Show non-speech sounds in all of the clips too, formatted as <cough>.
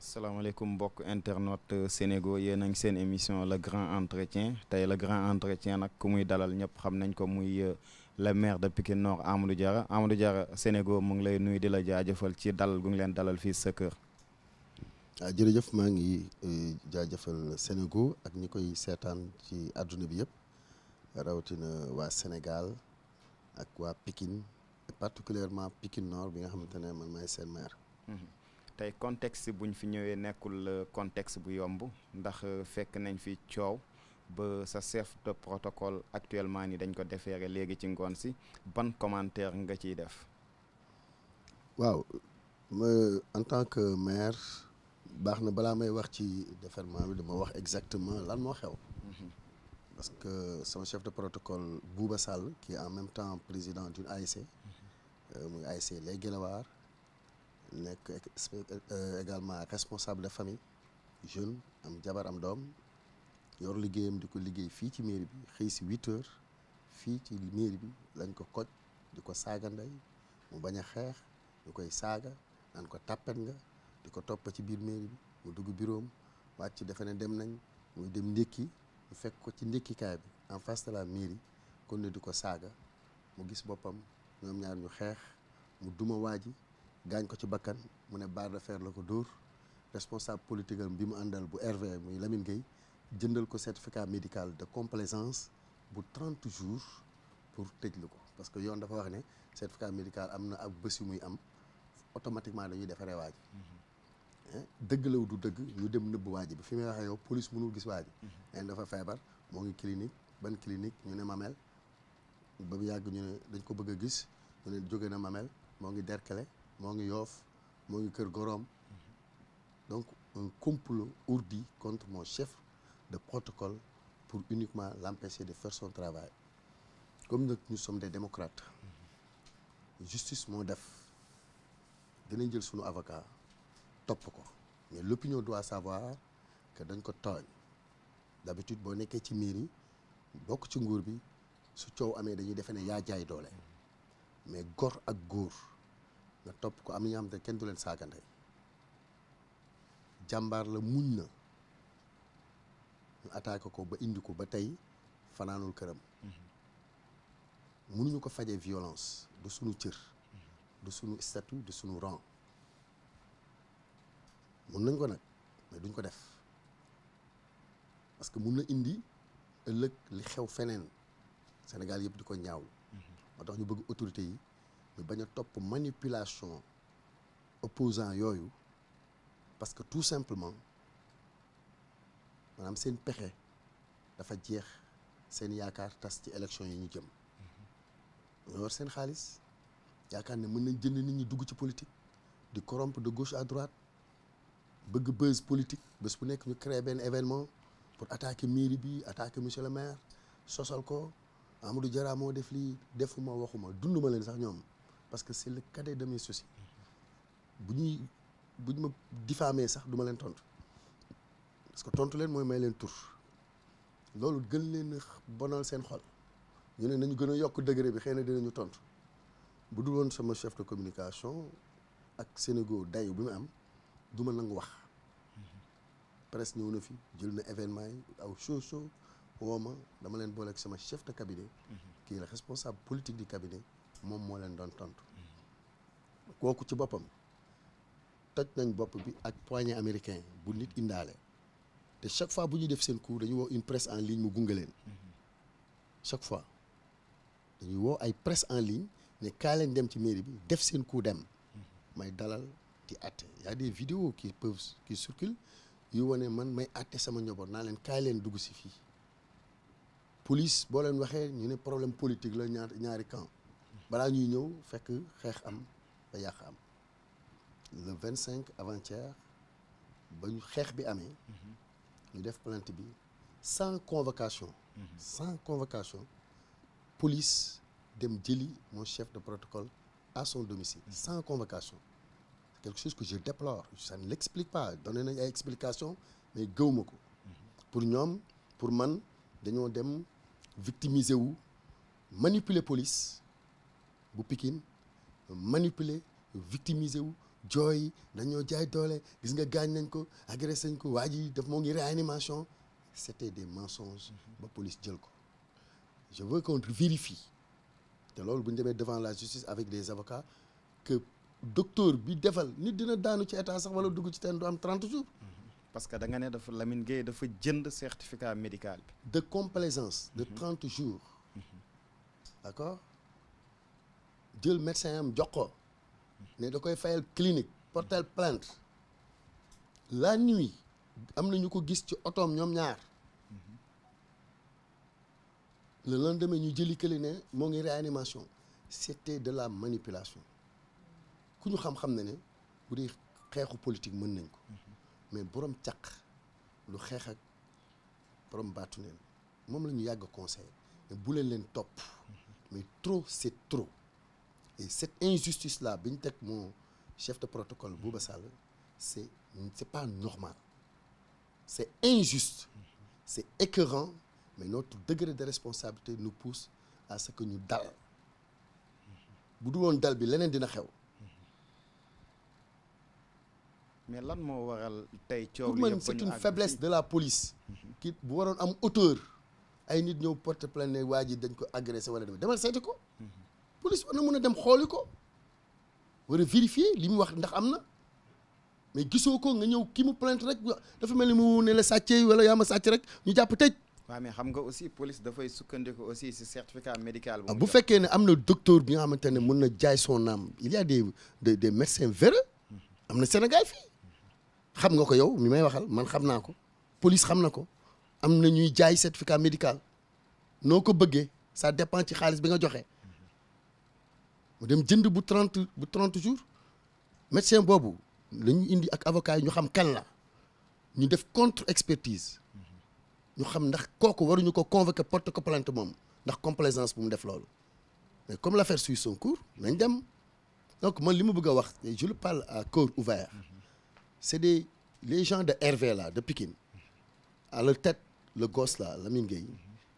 salaamaaleykum mbokk internet Sénégo yéen a seen émission le grand entretien tey le grand entretien nag ku muy dalal ñëpp xam nañ ko muy euh, le maire de Pikine Nord Amadou Diarra Amadou Diarra Sénégo mu ngi lay nuyu di la jaa jëfal ci dalal gu ngi leen dalal fii sa kër. ah jërëjëf maa ngi euh, jaajëfal Sénégo ak ñi koy seetaan ci àdduna bi yëpp rawatina waa Sénégal ak waa Pikine et particulièrement Pikine Nord bi nga xamante ne man maay seen maire. Mhm. tey contexte buñ fi ñëwee nekkul euh, contexte bu yomb ndax euh, fekk nañ fi coow ba sa chef de protocole actuellement ni dañ ko defeere léegi ci ngoon si ban commentaire nga ciy def waaw en tant que maire baax na balaa may wax ci déferment bi dama wax exactement lan moo xew mhm. parce que sama chef de protocole Bouba Sall qui en même temps président d'une ASC mhm. euh, muy ASC Les Guelwaar nekk euh, également responsable de famille jeune am jabar am doom yor liggéeyam di ko liggéey fii ci mairie bi xëy si huit fii ci mairie bi lañ ko koj di ko saaga ndey mu bañ a xeex ñu koy saaga naan ko tàppet nga di ko topp ci biir mairie bi mu dugg bureau am wàcc defe dem nañ muy dem ndékki ñu fekk ko ci ndékkikaay bi en face de la mairie kon ne di ko saaga mu gis boppam ñoom ñaar ñu xeex mu duma waaji gaañ ko ci bakkan mu ne barre de fer la ko dóor responsable politique am bi mu àndal bu RV muy Lamine Gueye jëndal ko certificat médical de complaisance bu 30 jours pour tëjlu ko parce que yoon dafa wax ne certificat médical am na ab bés yu muy am automatiquement dañuy defaree waaj mm-hmm. dëgg la du dëgg ñu dem nëbb waaj bi fi may waxee yow police mënul gis waaj leen mm-hmm. dafa feebar moo ngi clinique ban clinique ñu ne Mamel ba mu yàgg ñu ne dañ ko bëgg a gis ñu jóge na Mamel moo ngi Derklé moo ngi yoof moo ngi Kër Gorom donc un complot ourdi contre mon chef de protocole pour uniquement l'empêcher de faire son travail comme nag ñu sommes de démocrates justice moo def dinañ jël sunu avocat topp ko mais l'opinion doit savoir que dañ ko tooñ d'habitude boo nekkee ci miir yi bokk ci nguur bi su coow amee dañuy defe ne yaa jaay doole mais góor ak góor nga topp ko am na ñoo xam te kenn du leen saagante jàmbaar la muñ na ñu attaqué ko ba indi ko ba tey fanaanul këram. mënuñu ko fajee violence du sunu cër. du sunu statut du sunu rang. mun nañ ko nag mais duñ ko def parce que mun na indi ëllëg li xew feneen Sénégal yëpp di ko ñaaw. moo ñu bëgg autorité yi. ñu bañ topp manipulation opposant yooyu parce que tout simplement maanaam seen pexe dafa jeex seen yaakaar tas ci élection yi ñu jëm ñoo war seen xaalis yaakaar ne mën nañ jënd nit ñi dugg ci politique di corrompre de gauche à droite bëgg buzz politique bés bu nekk ñu créer benn événement pour attaque mairie bi attaque monsieur le maire sosal ko Amadou Diarra moo def lii defuma waxuma dunduma leen sax ñoom parce que c'est le cadet de mes bu ñuy bu ñu ma diffamé sax duma leen tontu parce que tontu leen mooy may leen tur loolu gën leen bonal seen xol ñu ne nañu gën a yokk degré bi xëy na dinañu tontu bu dul woon sama chef de communication ak Sénégal dayu bi mu am du ma nangu wax presse ñëw na fi jël na événement yi aw show show woo ma dama leen boole sama chef de cabinet kii mhm. est le responsable politique du cabinet moom moo leen doon tontu kooku ci boppam toj nañ bopp bi ak poignée américain bu nit indaale te chaque fois bu ñuy def seen cours dañuy woo une presse en ligne mu gunge leen chaque fois dañuy woo ay presse en ligne ne kaa leen dem ci mairie bi def seen cours dem may dalal di àtte y a des vidéos qui peuvent qui circulent yu wane man may àtte sama njoboot naa leen kaay leen dugg si fii police boo leen waxee ñu ne problème politique la ñaar ñaari camp balaa ñuy ñëw fekk xeex am ba yàq am le vingt cinq avant-hier ba ñu xeex bi amee mm-hmm. ñu def plainte bi sans convocation mm-hmm. sans convocation police dem jëli mon chef de protocole à son domicile mm-hmm. sans convocation c'est quelque chose que je déplore ça ne l'explique pas donné nañ ay explication mais géwma ko pour ñoom pour man dañoo dem victimiser wu manipuler police bu Pikine manipuler victimiser wu jooy dañoo jaay doole gis nga gaañ nañ ko agressé nañ ko waa ji daf moo ngi réanimation c'était des mensonges ba police jël ko je veux qu'on vérifie te loolu bu ñu demee devant la justice avec des avocats que docteur bi defal nit dina daanu ci état sax wala dugg ci teen du am 30 jours. Mm-hmm. parce que danga nga ne dafa Lamine Gueye dafa jënd certificat médical bi. de complaisance de 30 mm-hmm. jours mm-hmm. d'accord. jël médecin am jox ko ne da koy fayal clinique portel plant la nuit am na ñu ko gis ci otoom ñoom ñaar le lendemain ñu jëli këli ne moo ngi réanimation c'était de la manipulation ku ñu xam-xam ne ne bu dee xeexu politique mën nañ ko mais borom caq lu xeex ak borom baatu neen moom la ñu yàgg conseil mais bu leen leen topp mais trop c'est trop et cette injustice là bi ñu teg mon chef de protocole booba Sall c'est c'est pas normal c'est injuste c'est écœurant mais notre degré de responsabilité nu pousse à ce que ñu dal bu dul woon dal bi leneen dina xew mais lan moo waral tey coow li yëpp c'est une faiblesse de la police ki bu waroon am auteur ay nit ñëw porte plainte ne waa ji dañ ko agressé wala demal seeti ko mhm. police war na mën a dem xooli ko war a vérifier li mu wax ndax am na mais gisoo ko nga ñëw ki mu plainte rek dafa mel ni mu ne la sàccee wala yaa ma sàcc rek ñu jàpp tëj. waaw mais xam nga aussi police dafay sukkandiku aussi si certificat médical. bu ah, fekkee ne am na docteur bi nga xamante ne mën na jaay son âme il y de des des am na Sénégal fii xam nga ko yow mi may waxal man xam naa ko police xam na ko am na ñuy jaay certificat médical noo ko bëggee sa dépend ci xaalis bi nga joxe. mu dem jënd bu trente bu trente jours médecin boobu la ñu indi ak avocat yi ñu xam kan la ñu def contre expertise ñu xam ndax kooku waruñu ko convoquer porte ko plainte moom ndax complaisance bu mu def loolu mais comme l'affaire suit son cours nañ dem donc man li ma bëgg a wax je le pal à cœur ouvert c'est des les gens de Hervé là de Pikine à le tête le gosse là Lamine Gueye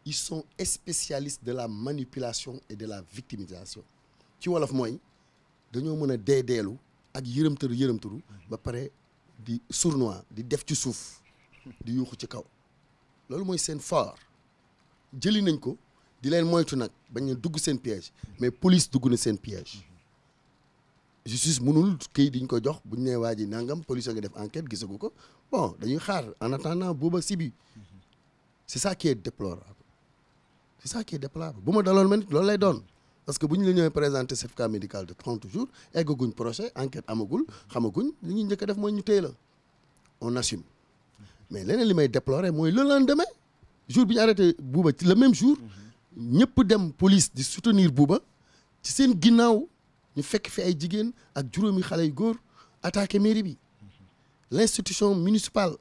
ils son spécialistes de la manipulation et de la victimisation ci wolof mooy dañoo mën a dee deelu ak yërëmtëru yërëmtëru ba pare di sournois di def ci suuf di yuuxu ci kaw loolu mooy seen faar jëli nañ ko di leen moytu nag bañ a dugg seen piège mais police dugg na seen piège justice mënul kii diñ ko jox buñ nee waa ji nangam police a ngi def enquête gisagu ko bon dañuy xaar en attendant booba sibi c'est ça qui est déplorable c'est ça qui est déplorable bu ma daloon ma nit loolu lay doon parce que bu ñu la ñooy présenté certificat médical de 30 jours eggaguñ procès enquête amagul xamaguñ li ñuy njëkk def mooy ñu téye la on assume mais leneen li may déplorer mooy le lendemain jour bi ñu arrêté Bouba ci le même jour ñëpp dem police di soutenir Bouba ci seen ginnaaw ñu fekk fi ay jigéen ak juróomi xale yu góor attaqué mairie bi l' institution municipale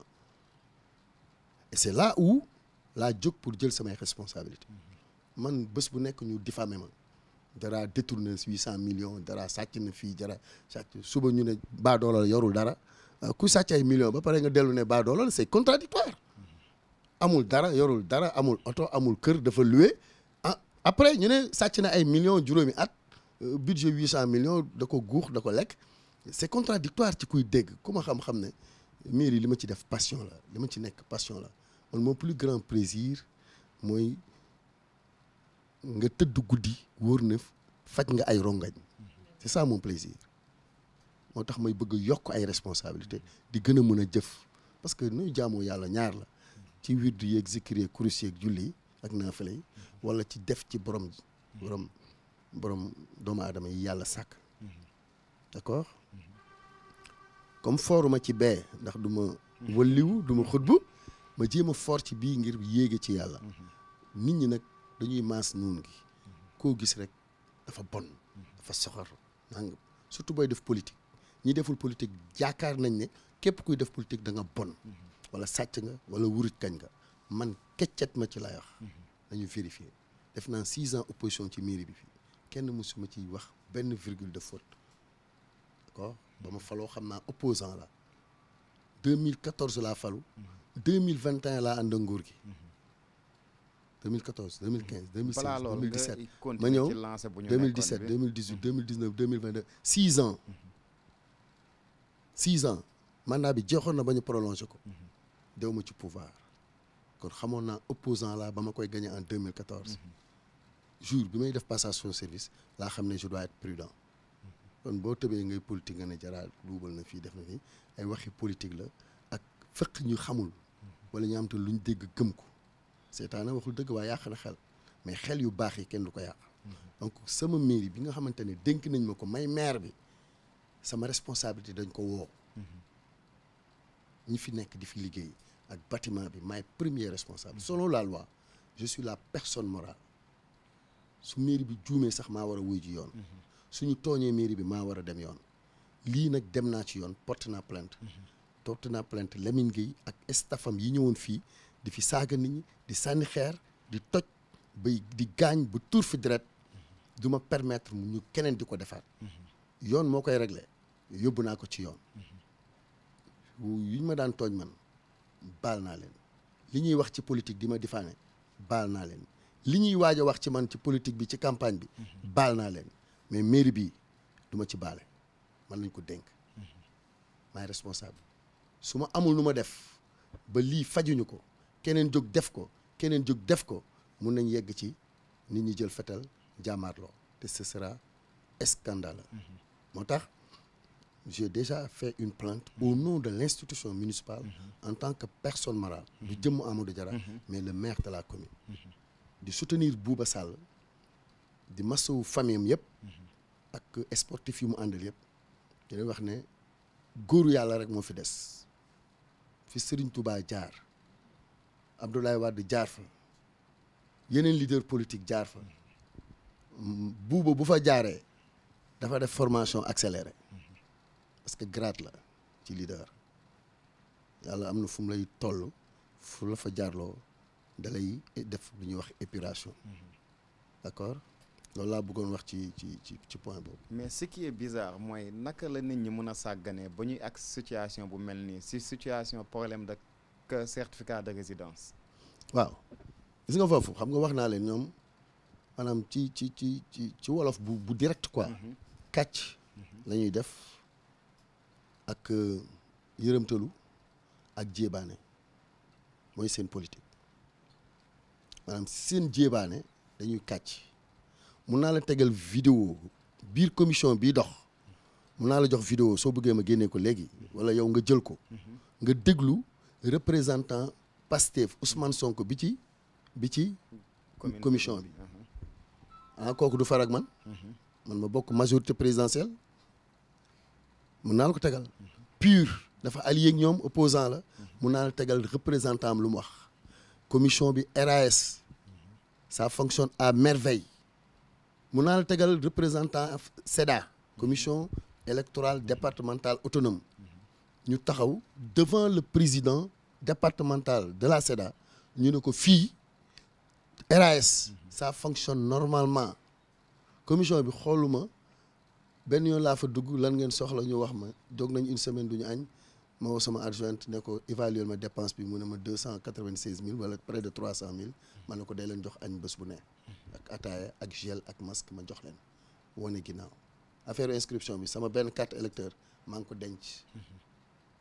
et c' est là où laa jóg pour jël samay responsabilité man bés bu nekk ñu diffamé ma dara détourné huit cent million dara sàcc na fii dara a suba ñu ne baadoolo yorul dara euh, ku sàcc ay million ba pare nga dellu ne baadoolo c'est contradictoire amul dara yorul dara amul oto amul kër dafa lue ah après ñu ne sàcc na ay millions juróomi at euh, budget huit cent millions da ko guux da ko lekk c'est contradictoire ci kuy dégg ku ma xam-xam ne mairie li ma ci def passion la li ma ci nekk passion la man mon plus grand plaisir mooy nga tëdd guddi wóor na faj nga ay rongañ c'est ça mon plaisir moo tax may bëgg yokk ay responsabilité di gën a mën a jëf parce que nuy jaamoo yàlla ñaar la ci wirdu yeeg zikir yeeg kurus yeeg julli ak naafale yi walla ci def ci borom borom borom doomu aadama yi yàlla sàkk d'accord comme fooruma ci bee ndax du ma wëlliwu du ma xutbu ma jéem a foor ci bii ngir yéege ci yàlla nit ñi nag dañuy maas nuun gi koo gis rek dafa bon dafa soxor nangam surtout booy def politique ñi deful politique jaakaar nañ ne képp kuy def politique da nga bon wala sàcc nga wala wuruj kañ nga man keccet ma ci lay wax dañu vérifier def naa six ans opposition ci mairie bi fii kenn mësuma ciy wax benn virgule de faute d'accord ba ma faloo xam naa opposant la mille 2014 laa falu 2021 laa ànd nguur gi 2014 2015 2016 2017 ma ñëw 2017 2018 2019 2022 6 ans 6 ans mandat bi jeexoon na ba ñu prolongé ko dew ma ci pouvoir kon xamoon naa opposant laa ba ma koy gagné en 2014 jour bi may def passation service laa xam ne je dois être prudent kon boo tëbee ngay politique nga ne jaraal duubal na fii def na fii ay waxi politique la ak fekk ñu xamul wala ñu am te luñ dégg gëm ko seytaane waxul dëgg waaye yàq na xel mais xel yu baax yi kenn du ko yàq donc sama mairie bi nga xamante ne dénk nañ ma ko may maire bi sama responsabilité dañ ko woo ñi fi nekk di fi liggéey ak bâtiment bi maay premier responsable solo la loi je la personne morale su mairie bi juumee sax maa war a wuy ji yoon suñu tooñee mairie bi maa war a dem yoon lii nag dem naa ci yoon porte naa plainte porte naa plainte Lamine ak stafam yi ñëwoon fii di fi saaga nit ñi di sànni xeer di toj bay di gaañ bu tuur fi deret duma ma permettre mu ñu keneen di ko defaat yoon moo koy réglé yóbbu naa ko ci yoon yu ñu ma daan tooñ man baal naa leen li ñuy wax ci politique di ma difaane baal naa leen li ñuy waaj a wax ci man ci politique bi ci campagne bi baal naa leen mais mairie bii duma ci baale man lañ ko dénk may responsable su ma amul nu ma def ba lii fajuñu ko keneen jóg def ko keneen jóg def ko mun nañ yegg ci nit ñu jël fetal jaamaarloo te ce sera mm-hmm. moo tax j'ai déjà fait une plainte au mm-hmm. nom de l'institution municipale mm-hmm. en tant que personne morale du jëmm Amadou Diarra mais le maire de la commune di soutenir Bouba Sall di masawu famiyam yëpp ak sportif yu mu àndal yëpp di leen wax ne góoru yàlla rek moo fi des fi Serigne Touba jaar Abdoulaye Wade jaar fa yeneen leader politique jaar fa buuba bu fa jaaree dafa def formation accélérée parce que grade la ci leader yàlla am na fu mu lay toll fu la fa jaarloo da lay def lu ñuy wax épuration d'accord loolu laa bëggoon wax ci ci ci ci point boobu. mais ce qui est bizarre mooy naka la nit ñi mën a sàgganee ba ñuy ak situation bu mel nii si situation problème de ak certificat de résidence. waaw gis foofu xam nga wax naa leen ñoom maanaam ci ci ci ci ci wolof bu bu direct quoi. Mhm. kàcc mhm. lañuy def ak euh, yërëmtalu ak jéebaane mooy seen politique maanaam seen jéebaane dañuy kàcc mun naa la tegal vidéo biir commission bii dox mun naa la jox vidéo soo bëggee ma génnee ko léegi mhm. walla yow nga jël ko nga déglu représentant Pastef Ousmane Sonko bi ci bi ci commission bi uh-huh. ah kooku du farag man uh-huh. man ma bokk majorité présidentielle mun naa la ko tegal pur dafa allié ak ñoom opposant la uh-huh. mun naal tegal représentant am lu mu wax commission bi RAS sa fonctionne à merveille mun naal la tegal représentant SEDA commission électorale départemental autonome ñu taxaw devant le président départemental de la SEDA ñu ne ko fii RAS saa fonctionne normalement commission bi xooluma benn yoon laa fa dugg lan ngeen soxla ñu wax ma jóg nañ une semaine duñu añ ma woo sama adjointe ne ko évaluer ma dépense bi mu ne ma deux cent quatre vingt seize mille wala près de trois cent mille ma ne ko day leen jox añ bés bu ne ak ataaya ak gel ak masque ma jox leen wane ginnaaw affaire inscription bi sama benn carte électeur maa ngi ko denc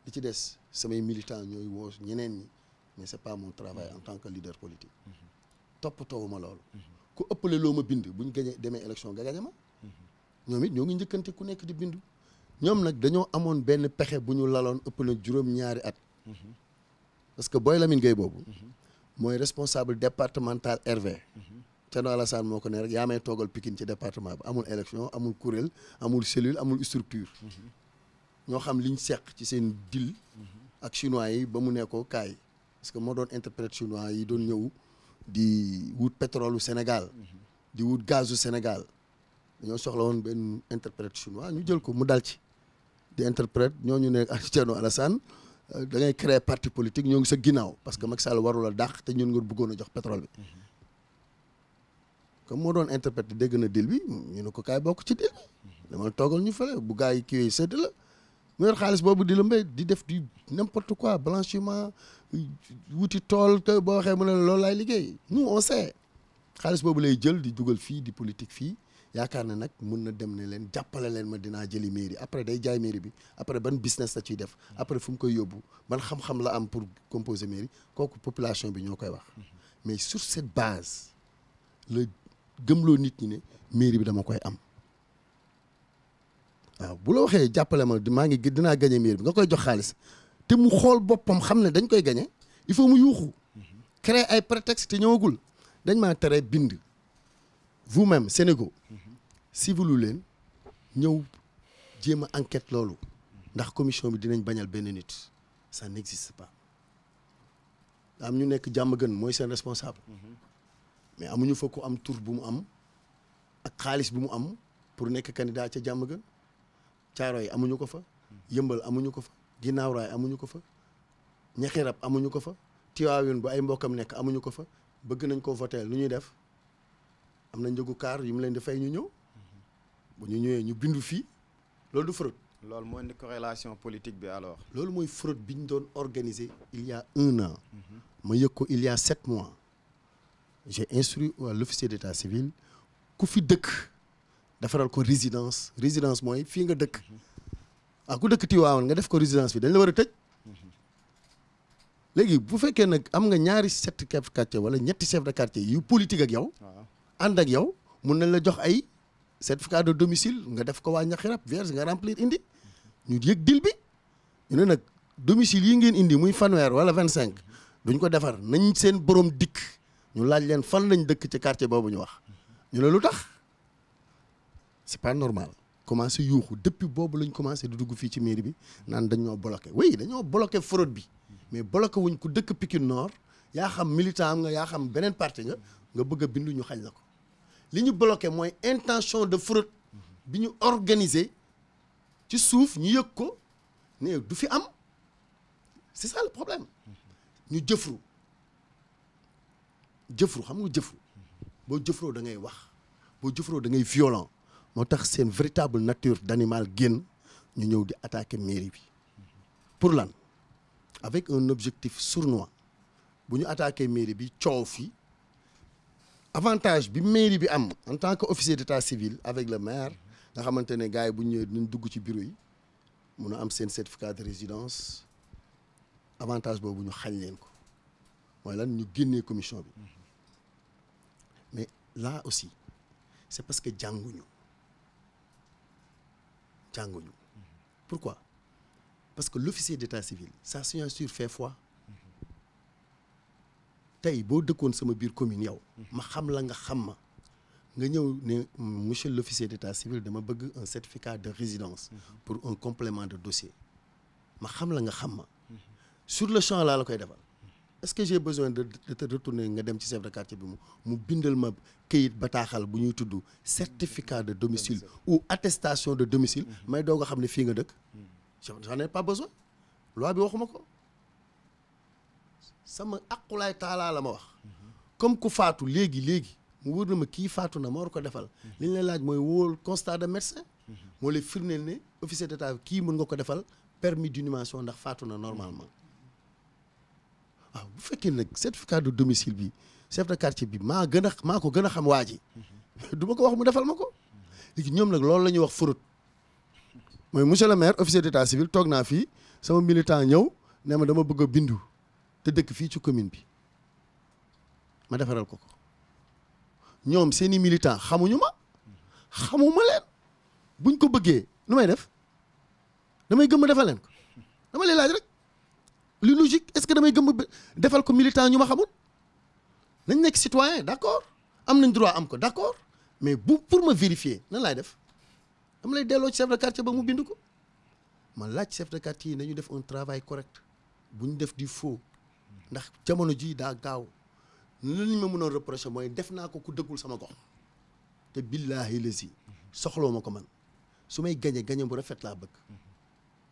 li ci des samay militants ñooy woos ñeneen ñi mais c'est pas mon travail mm-hmm. en tant que leader politique mm-hmm. toppatoowuma loolu ku ëppale loo ma bind bu ñu gañee demee élection nga gañe ma mm-hmm. ñoom it ñoo ngi njëkkante ku nekk di bindu ñoom nag dañoo amoon benn pexe bu ñu laloon ëpp na juróom-ñaari at parce que booy la Lamine Gueye boobu mooy responsable départemental RV a Alassane moo ko ne rek yaa may toogal Pikine ci département bi amul élection amul kuréel amul cellule amul structure ñoo xam liñ seq ci seen deal ak chinois yi ba mu nekkoo kaay parce que moo doon interprète chinois yi doon ñëw di wut pétrole u Sénégal di wut gazu Sénégal dañoo soxla woon benn interprète chinois ñu jël ko mu dal ci di interprète ñooñu ne ak ah, Thierno Alassane euh, da ngay créer parti politique ñoo ngi sa ginnaaw parce que mag Sall warul a dàq te ñun nga bëggoon a jox pétrole bi comme moo doon interprète dégg na deal bi ñu ne ko kaay bokk ci deal bi dama toogal ñu fële bu mu yor xaalis boobu di la lëmbee di def du n'importe quoi blanchiment wuti tool boo waxee mu ne loolu laay liggéey nu on sait xaalis boobu lay jël di jugal fii di politique fii yaakaar ne nag mun na dem ne leen jàppale leen ma dinaa jëli mairie après day jaay mairie bi après ban business la ciy def après fu mu koy yóbbu ban xam-xam la am pour composer mairie kooku population bi ñoo koy wax mais sur cette base la gëmloo nit ñi ne mairie bi dama koy am waaw bu la waxee jàppale ma maa ngi dina gañe miir bi nga koy jox xaalis te mu xool boppam xam ne dañ koy gañe il faut mu yuuxu créer ay prétexte te ñëwagul dañ maa tere bind vous-même Sénégal si leen ñëw jéem a enquête loolu ndax commission bi dinañ bañal benn nit sa n'existe pas am ñu nekk jàmm gën mooy seen responsable mais amuñu fa ku am tour bu mu am ak xaalis bu mu am pour nekk candidat ca jàmm gën Caaroy amuñu ko fa yëmbal amuñu ko fa ginnaaw raay amuñu ko fa ñaxirab amuñu ko fa Tiwaawun bu ay mbokkam nekk amuñu ko fa bëgg nañ ko voteel lu ñuy def am na njëgu kaar yu mu leen di fay ñu ñëw bu ñu ñëwee ñu bindu fii loolu du fraude. loolu mooy indi corrélation politique bi alors. loolu mooy fraude bi ñu doon organisé il y a un an. ma yëg ko il y a sept mois. j'ai instruit waa l'officier d'état civil ku fi dëkk. defaral ko résidence résidence mooy fii nga dëkk ak ah, ku dëkk Tiwaawan nga def ko résidence bi dañ la war a tëj léegi bu fekkee nag am nga ñaari sept chef quartier wala ñetti chef de quartier yu politique ak yow ànd ak yow mun nañ la jox ay certificat de domicile nga def ko waa Ñaxirab vierge nga remplir indi ñu yëg dil bi ñu ne nag domicile yi ngeen indi muy fanweer wala vingt cinq duñ ko defar nañ seen boroom dikk ñu laaj leen fan lañ dëkk ci quartier boobu ñu wax c'est pas normal commencé yuuxu depuis boobu lañ commencé di dugg fii ci mairie bi naan dañoo bloqué oui dañoo bloqué fraude bi mais bloqué wuñ ko dëkk Pikine noor yaa xam militant am nga yaa xam beneen parti nga nga bëgg a bindu ñu xañ na ko li ñu bloqué mooy intention de fraude bi ñu organisé ci suuf ñu yëg ko ne du fi am c'est ça le problème ñu jëfru jëfru xam nga jëfru boo jëfroo da ngay wax boo jëfroo da ngay violent moo tax seen véritable nature d'animal génn ñu ñëw di attaquer mairie bi pour lan avec un objectif sournois bu ñu attaquer mairie bi coow fii avantage bi mairie bi am en tant que officier d'état civil avec le maire nga xamante ne gars bu ñëwee dinañ dugg ci bureau yi mun a am seen certificat de résidence avantage boobu ñu xañ leen ko mooy lan ñu génnee commission bi mais là aussi c'est parce que jànguñu. jànguñu pourquoi parce que l'officier d'état civil sa signature fait fois tey boo dëkkoon sama biir commune yow ma xam la nga xam ma nga ñëw ni monsieur l'officier d'état civil dama bëgg un certificat de résidence pour un complément de dossier ma xam la nga xam ma sur le champ laa la koy defal est-ce que j'ai besoin de de te retourner nga dem ci chef de quartier bi mu mu bindal ma këyit bataaxal bu ñuy tudd certificat de domicile ou attestation de domicile mm-hmm. may doog a xam ne fii nga dëkk mm-hmm. j'en ai pas besoin loi bi waxuma ko sama aqulaay taalaa la ma wax mm-hmm. comme ku faatu léegi léegi mu wóor na ma kii faatu na ma war ko defal li ñu laaj mooy wool constat de médecin moo lay firndeel ne officier d'état kii mën nga ko defal permis d'inhumation ndax faatu na normalement waaw ah, bu fekkee nag certificat de domicile bi chef de quartier bi maa gën a maa ko gën a xam waa ji <laughs> du ma ko wax mu defal ma ko léegi ñoom nag loolu la ñuy wax fraude mooy monsieur le maire officier d'état civil toog naa fii sama militant ñëw ne ma dama bëgg a bindu te dëkk fii ci commune bi ma defaral ko ko ñoom seeni militant xamuñu ma xamuma leen buñ ko bëggee nu may def damay gëm ma defal leen ko dama lay laaj rek lu logique est-ce que damay gëm defal ko militan ñu ma xamul nañ nekk citoyen d'accord am nañ droit am ko d'accord mais bu pour ma vérifier nan laay def dama lay delloo ci chef de quartier ba mu bind ko ma laaj chef de quartier yi nañu def un travail correct bu ñu def di faux ndax jamono ji daa gaaw lan ñu ma mënoon reprocher mooy def naa ko ku dëggul sama gox te billaahi lesi soxloo ma ko man su may gañe gañe bu rafet laa bëgg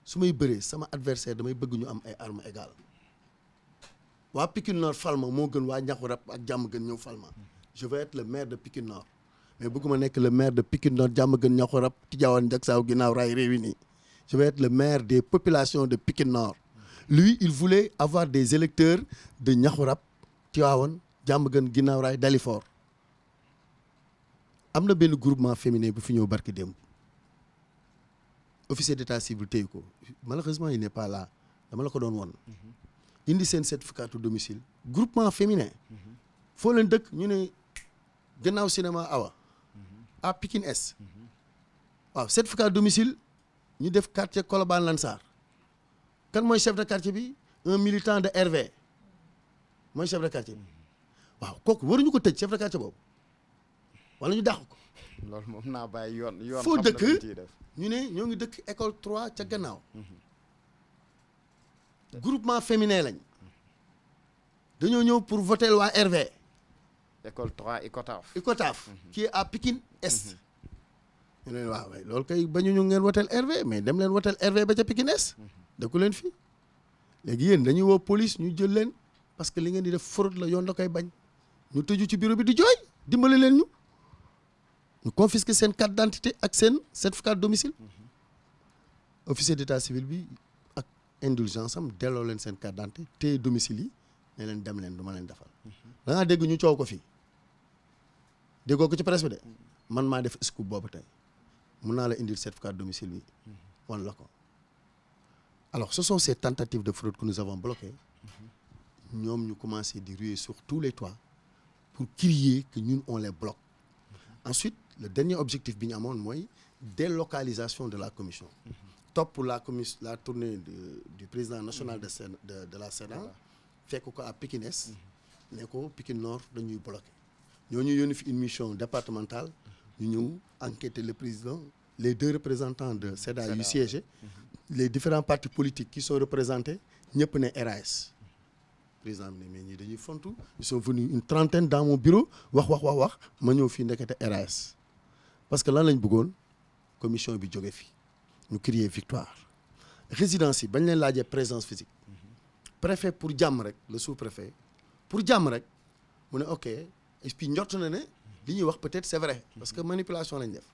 su may bëree sama adversaire damay bëgg ñu am ay armes égales waa Pikine Nord Falma moo gën waa ñaxu rab ak jàmm gën ñëw Falma je veux être maire de Pikine Nord mais bëgguma nekk le maire de Pikine Nord jàmm gën ñaxu rab Tidiawane Diacksao ginnaaw raay réewi nii je veux être le maire des populations de Pikine Nord lui il voulait avoir des électeurs de ñaxu rab Tivaouane jàmm gën ginnaaw raay Dalifort am na benn groupement féminin bi fi ñëw barki démb officier d'état civil téye ko malheureusement il n'est la dama la ko doon woon mhm. indi seen certificat de domicile groupement féminin mhm. fooleen dëkk ñu ne gannaaw cinéma awa mhm. à Pikine Est waaw certificat de domicile ñu def quartier Colobane Lansar kan mooy chef de quartier bi un militant de RV mooy chef de quartier bi waaw kooku waruñu ko tëj chef de quartier boobu wala ñu dàq loolu moom naa bàyyi yoon yoon foo dëkk ñu ne ñoo ngi dëkk école trois ca gannaaw mm-hmm. groupement féminin lañ dañoo ñëw pour voter waa RV école 3 Icotaf Icotaf mm-hmm. qui est à Pikine Est mm-hmm. ñu ne waaw waaye loolu kay bañu ñu ngeen woteel RV mais dem leen woteel RV ba ca Pikine Est dëkku leen fii léegi yéen dañuy woo police ñu jël leen parce que li ngeen di def fraude la yoon la koy bañ ñu tëju ci bureau bi di jooy dimbali leen ñu ñu confisquer seen carte d'identité ak seen certificat de domicile officier d'état civil bi ak indulgence am delloo leen seen carte d'identité te domicile yi ne leen dem leen du ma leen defal da ngaa dégg ñu coow ko fii déggoo ko ci presse bi de man maa def scoop boobu tey mun naa la indil certificat de domicile bi wan la ko alors ce sont ces tentatives de fraude que nous avons bloquées ñoom ñu commencé di ruer sur tous les toits pour crier que ñun on les bloque ensuite le dernier objectif bi ñu amoon mooy délocalisation de la commission. topp la commission la tournée du président national de Sénat de, de la Sénat. fekk ko à Pikine Est. ne ko Pikine Nord dañuy bloqué. ñooñu yónni fi une mission départementale. ñu ñëw enquêter le président les deux représentants de SEDA yu siégé. Mhm. les différents partis politiques qui sont représentés ñëpp ne RAS. président bi ne mais ñii dañuy fontu. ils sont venus une trentaine dans mon bureau wax wax wax wax ma ñëw fii ndekete RAS. parce que lan lañu bëggoon commission bi jóge fi ñu crier victoire résidence yi bañ leen laajee présence physique préfet pour jàmm rek la sous-préfet pour jàmm rek mu ne ok et puis njort na ne li ñuy wax peut-être c'est parce que manipulation lañu def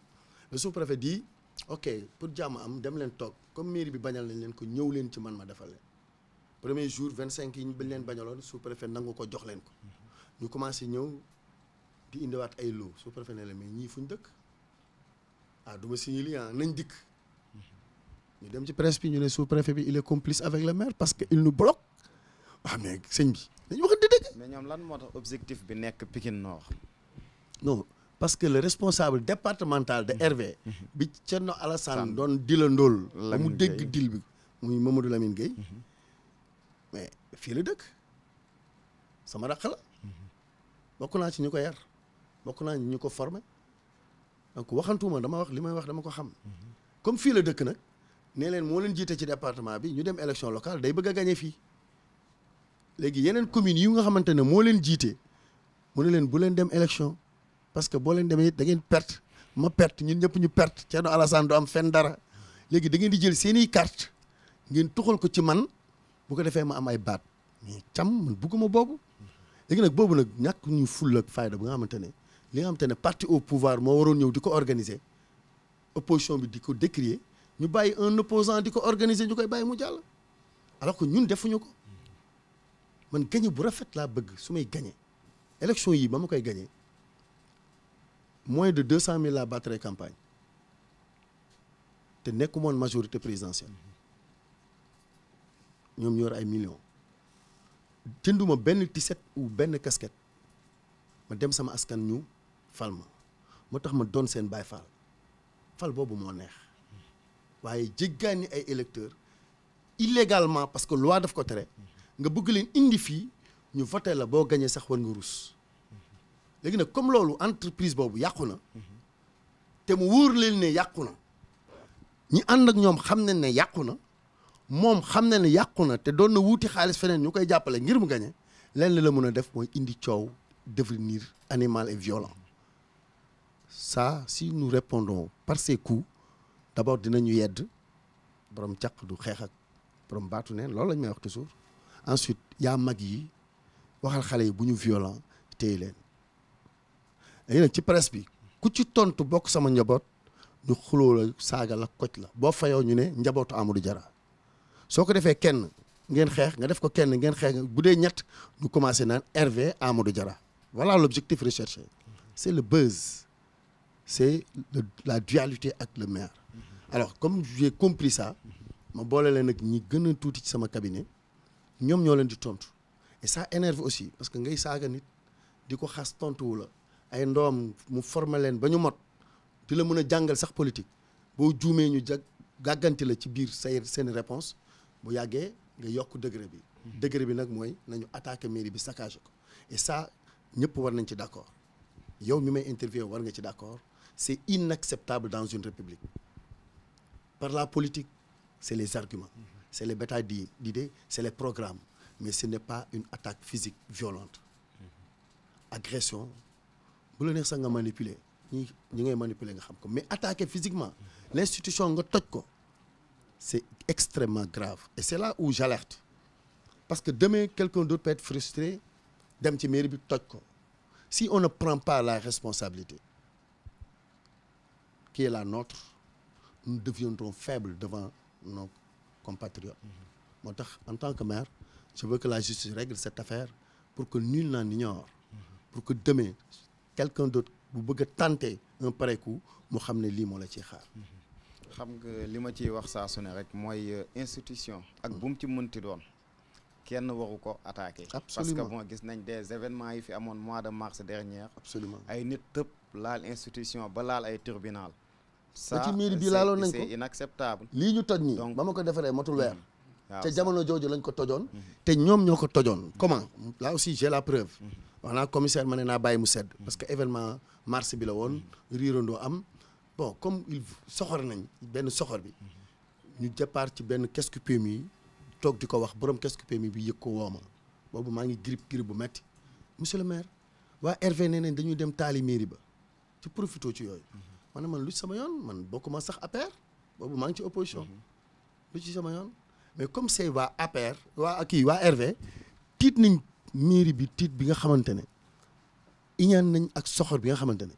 le sous-préfet dit ok pour jàmm am dem leen toog comme mairie bi bañal nañ leen ko ñëw leen ci man ma defal leen premier jour vingt cinq yi ñu bañ leen bañaloon sous-préfet nangu ko jox leen ko ñu commencé ñëw di indiwaat ay loo sous-préfet ne la mais ñii fu ñu dëkk ah du ma signé lii ah, nañ dikk mhm. ñu dem ci presse pii ñu ne sous préfet bi il est complice avec le maire parce que il nous bloque waaw ah, mais sëñ bi dañu waxante dëgg. mais ñoom lan moo tax objectif bi nekk Pikine Nord. non parce que le responsable départemental de RV. Mhm. bi Thierno Alassane doon dila ndóol. ba mu dégg dil bi muy Mamadou Lamine Gueye. Mhm. mais fii la dëkk sama rakk la. bokk naa ci ñu ko yar bokk naa ñu ko formé. donc waxantuma dama wax li may wax dama ko xam comme fii la dëkk nag nee leen moo leen jiite ci département bi ñu dem élection locale day bëgg a gañe fii léegi yeneen communes yi nga xamante ne moo leen jiite mu ne leen bu leen dem élection parce que boo leen demee da ngeen perte ma perte ñun ñëpp ñu perte Thierno Alassane du am fenn dara léegi da ngeen di jël seeni carte ngeen tuxal ko ci man bu ko defee ma am ay baat mais cam man bugguma boobu léegi nag boobu nag ñàkk ñu fulla ak bu nga xamante ne li nga xam te ne parti au pouvoir moo waroon ñëw di ko organiser opposition bi di ko décrier ñu bàyyi un opposant di ko organiser ñu koy bàyyi mu jàll alors que ñun defuñu ko man gañe bu rafet laa bëgg su may gañe élection yi ba ma koy gañe moins de deux cent mille laa battre campagne te nekkumoon majorité présidentielle ñoom ñor ay millions jënduma benn tiset ou benn casquette ma dem sama askan ñu fal ma moo tax ma doon seen baay fal fal boobu moo neex waaye jéggaani ay électeurs illégalement parce que loi def ko tere nga bëgg leen indi fii ñu voté la boo gañee sax war nga rus léegi nag comme loolu entreprise boobu yàqu na te mu wóor leen ne yàqu na ñi ànd ak ñoom xam nañ ne yàqu na moom xam na ne yàqu na te doon na wuuti xaalis feneen ñu koy jàppale ngir mu gañe lenn la mën a def mooy indi coow devenir animal et violent ça si nu nous répondons par ces coups dina ñu yedd borom caq du xeex ak borom baatu neen loolu lañ may wax toujours ensuite yaa mag yi waxal xale yi bu ñu violent téye leen léegi nag ci press bi ku ci tontu bokk sama njaboot ñu xuloo la saaga la koj la boo fayoo ñu ne njabootu Amadou Diarra soo ko defee kenn ngeen xeex nga def ko kenn ngeen xeex bu dee ñett ñu commencé naan RV Amadou Diarra voilà l'objectif recherché c'est le buzz c'est la dualité ak le maire alors comme j'ai compris ça ma boole leen nag ñi gën a tuuti ci sama cabinet ñoom ñoo leen di tontu et ça énerve aussi parce que ngay saaga nit di ko xas tontuwu la ay ndoom mu former leen ba ñu mot di la mën a jàngal sax politique boo juumee ñu jag gàgganti la ci biir say seen réponse bu yàggee nga yokk degré bi degré bi nag mooy nañu attaque mairie bi saccage ko et ça ñëpp war nañ ci d'accord yow mi may interview war nga ci d'accord c'est inacceptable dans une république par la politique c'est les arguments c'est les batailles d'idées c'est les programmes mais ce n'est pas une attaque physique violente agression bu la neex sax nga manipuler ñi ñi ngay manipuler nga xam ko mais attaquer physiquement l'institution nga toj ko c'est extrêmement grave et c'est là où j'alerte parce que demain quelqu'un d'autre peut être frustré dem ci mairie bi toj ko si on ne prend pas la responsabilité kii la nôtre nous deviendrons faibles devant nos compatriotes mm-hmm. moo tax en tant que maire su veux que la justice règle cette affaire pour que nul n'en ignore mm-hmm. pour que demain quelqu'un d'autre bu bëgg a tenter un pareil coup mu xam ne lii moo la ci xaar mm-hmm. xam nga li ma ciy wax saa su ne rek mooy euh, institution ak mm. bu mu ci mënti doon kenn waru ko attaqué parce que bon gis nañ des événements yi fi amoon mois de mars dernier absolument ay nit tëb laal institution ba laal ay tribunal ba ci mairie laaloon nañ ko c'est lii ñu toj nii ba ma ko defaree matul weer mm-hmm. te jamono jooju lañ ko tojoon mm-hmm. te ñoom ñoo ko tojoon comment la aussi la preuve wax mm-hmm. naa commissaire ma ne naa bàyyi mu sedd parce que événement mars bi la woon riirandoo am bon comme il soxor nañ benn soxor bi ñu départ ci benn kesku PMI yi toog di ko wax borom kesku PMI bi yëg ko wooma boobu maa ngi grippe grippe bu metti monsieur le maire waa RV nee nañ dañuy dem taali mairie ba ci profito ci yooyu ma man lu ci sama yoon man bokkuma sax APR boobu maa ngi ci opposition. Mhm. lu ci mais comme c'est waa APR waa kii waa RV tiit nañ mairie bi tiit bi nga xamante ne iñaan nañ ak soxor bi nga xamante ne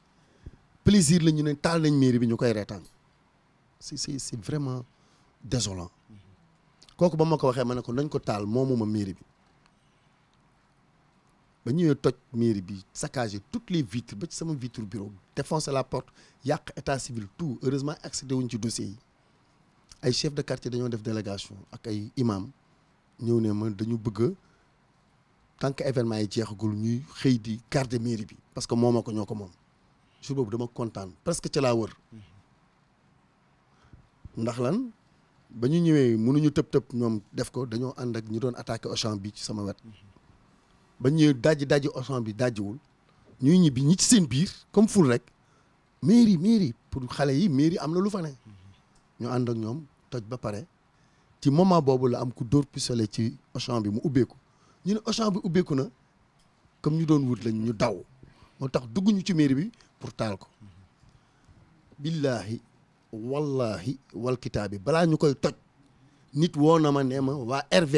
plaisir la ñu ne taal nañ mairie bi ñu koy reetaan c'est c'est c'est vraiment désolant mhm. kooku ba ma ko waxee ma ne ko nañ ko taal moomu ma mairie bi. ba ñëwee toj mairie bi saccagé toutes les vitres ba ci sama vitre bureau défoncer la porte yàq état civil tout heureusement accédé wuñ ci dossier ay chef de quartier dañoo def délégation ak ay imam ñëw ne ma dañu bëgg tant que événement yi jeexagul ñuy xëy di garder mairie bi parce que moomoo ko ñoo ko moom jour boobu dama kontaan presque ci laa lan ba ñu ñëwee mënuñu tëb tëb ñoom def ko dañoo ànd ak ñu doon attaqué Auchan bi ci sama wet ba ñëw daj dajji Auchan bi dajjiwul ñuy ñibbi ñi ci seen biir comme ful rek mairie mairie pour xale yi mairie am na lu fa mhm. ñu ànd ak ñoom toj ba pare ci moment boobu la am ku dóor pistolet ci Auchan bi mu ubbeeku ñu ne Auchan bi ubbeeku na comme ñu doon wut lañ ñu daw moo tax dugg ñu ci mairie bi pour taal ko billaahi wallahi walkitaab bi balaa ñu koy toj nit woo na ma nee ma waa RV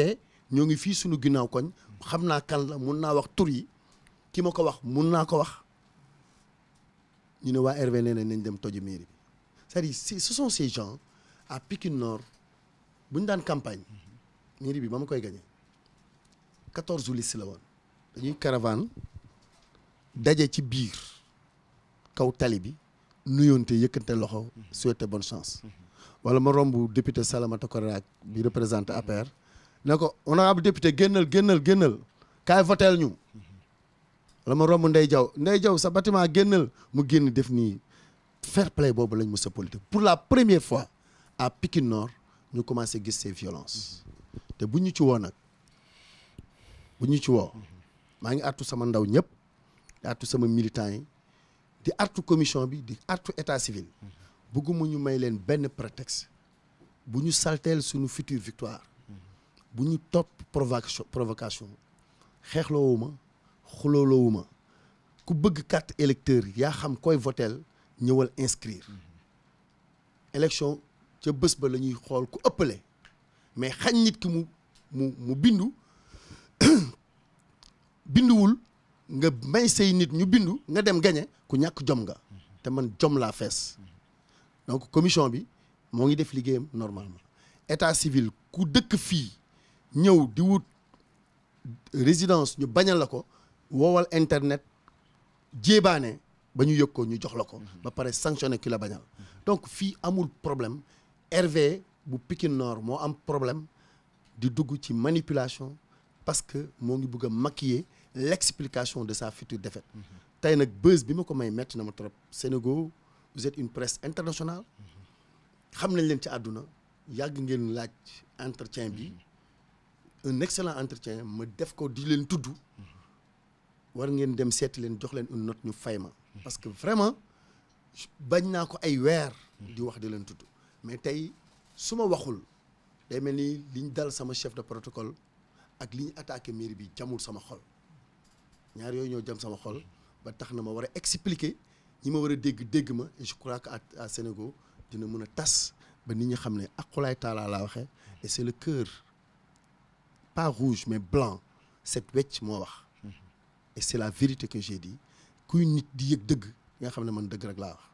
ñoo ngi fii suñu ginnaaw koñ xam naa kan la mun naa wax tur yi ki ma ko wax mun naa ko wax ñu ne waa RV nee nañ dem toji mairie bi cest à si ce sont ces gens à Pikine bu ñu daan campagne mairie bi ba ma koy gañee quatorze liste la woon dañuy caravane daje ci biir kaw tali bi nuyoonte yëkkante loxo si souhaité bon chance wala ma romb député Salamata Koraak bi représenté APR ne ko honorable député génnal génnal génnal kaay voteel ñu la ma romb Ndey Jaw Ndey Jaw sa bâtiment génnal mu génn def nii fair play boobu lañ mu a politique pour la première fois à Pikine Nord ñu commencé gis ces violences te bu ñu ci woo nag bu ñu ci woo maa ngi artu sama ndaw ñëpp di artu sama militants yi di artu commission bi di artu état civil bëgguma ñu may leen benn prétexte bu ñu salteel sunu future victoire bu ñu topp provocation provocation xeexloowu ma xulooloowu ma ku bëgg carte électeur yaa xam koy voteel ñëwal inscrire mm-hmm. élection ca bës ba la ñuy xool ku ëppale mais xañ nit ki mu mu mu bindu <coughs> binduwul nga may say nit ñu bindu nga dem gañe ku ñàkk jom nga mm-hmm. te man jom laa fees mm-hmm. donc commission bi moo ngi def liggéeyam normalement état civil ku dëkk fii ñëw di wut résidence ñu bañal la ko wowal internet jéebaane ba ñu yëg ko ñu jox la ko. Mhm. ba pare sanctionné kilo la bañal. donc fii amul problème RV bu Pikine noor moo am problème di dugg ci manipulation parce que moo ngi bëgg a maquiller l'explication de sa future défaite. Mhm. tey nag buzz bi ma ko may metti na ma trop Sénégal vous êtes une presse internationale. Mhm. xam nañ leen ci àdduna yàgg ngeen laaj entretien bi. un excellent entretien ma def ko di leen tudd war ngeen dem seeti leen jox leen une note ñu fay ma parce que vraiment bañ naa ko ay weer di wax di leen tudd mais tey su ma waxul day mel ni liñ dal sama chef de protocole ak li ñu attaqué mairie bi jamul sama xol ñaar yooyu ñoo jam sama xol ba tax na ma war a expliquer ñi ma war a dégg dégg ma et je crois que à Sénégal dina mën a tas ba nit ñi xam ne akulaay taalaa laa waxee et c'est le cœur pas rouge mais blanc set wecc moo wax mhm. et c'est la vérité que j'ai dit kuy nit di yëg dëgg nga xam ne man dëgg rek laa wax